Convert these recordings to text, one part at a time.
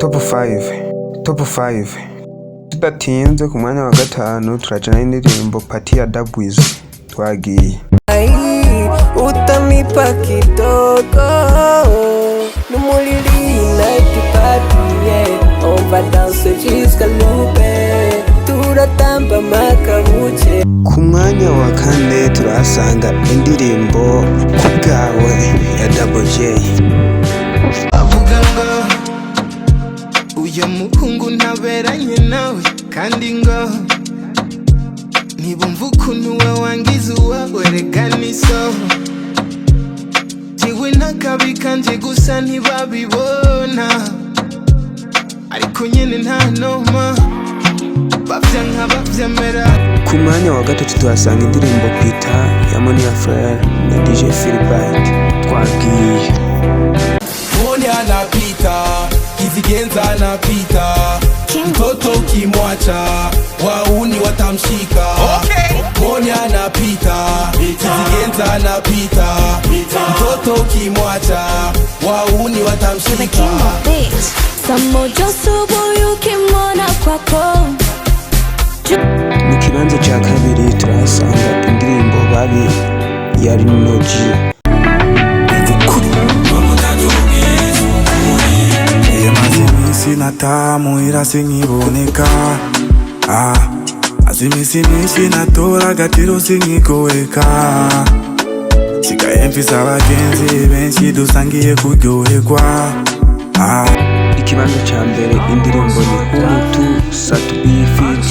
Top 5 Top 5 tudatinze ku mwanya wa gatanu turajana indirimbo Pati ya Dabwiz twagiye utamipa kidogo numulilina tipatie omba jiska lube turatamba makabuce ku mwanya wa kane turahasanga indirimbo ku bwawe ya Double J uyu muhungu ntaberanye nawe kandi ngo ntibumve ukuntu we wangiza uwawe rega nisoho jyewe n'akabi kanje gusa ntibabibona ariko nyine nta noma bavya nka bavyemera ku mwanya wa gatatu tuhasanga indirimbo pita ya monia frere na dj filibert twagiye Zigenza pita mtoto, kimwacha wauni watamshika. Moni anapita Zigenza pita mtoto, kimwacha wauni watamshika. Saa moja asubuhi ukimwona kwako mu kibanza cya kabiri turahasanga indirimbo babi yari noji nzuri ila singiboneka ah, azimisimishi natora tilo singikoweka sikayempisa bagenzi benshi dusangiye kuryohekwa ah. Ikibanza cha mbere indirimbo ni Humu tu Satubi feat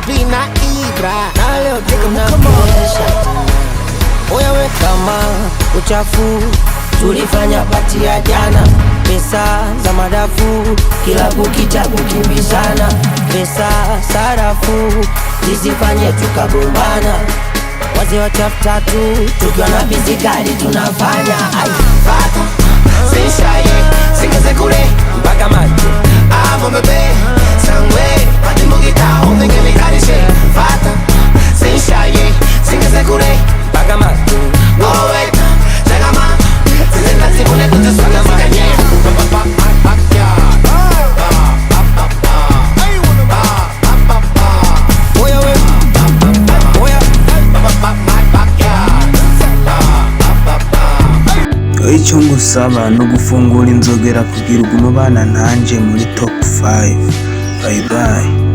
to be naive right? Na leo tunakuonyesha moyo we kama uchafu, tulifanya pati ya jana, pesa za madafu, kila kukicha kukimbizana, pesa sarafu zisifanye tukagombana, wazee wa chap tukiwa na bizikali tunafanya ai icyo ngusaba ni ugufungura inzogera kugira ugume ubana nanjye muri top 5 bye bye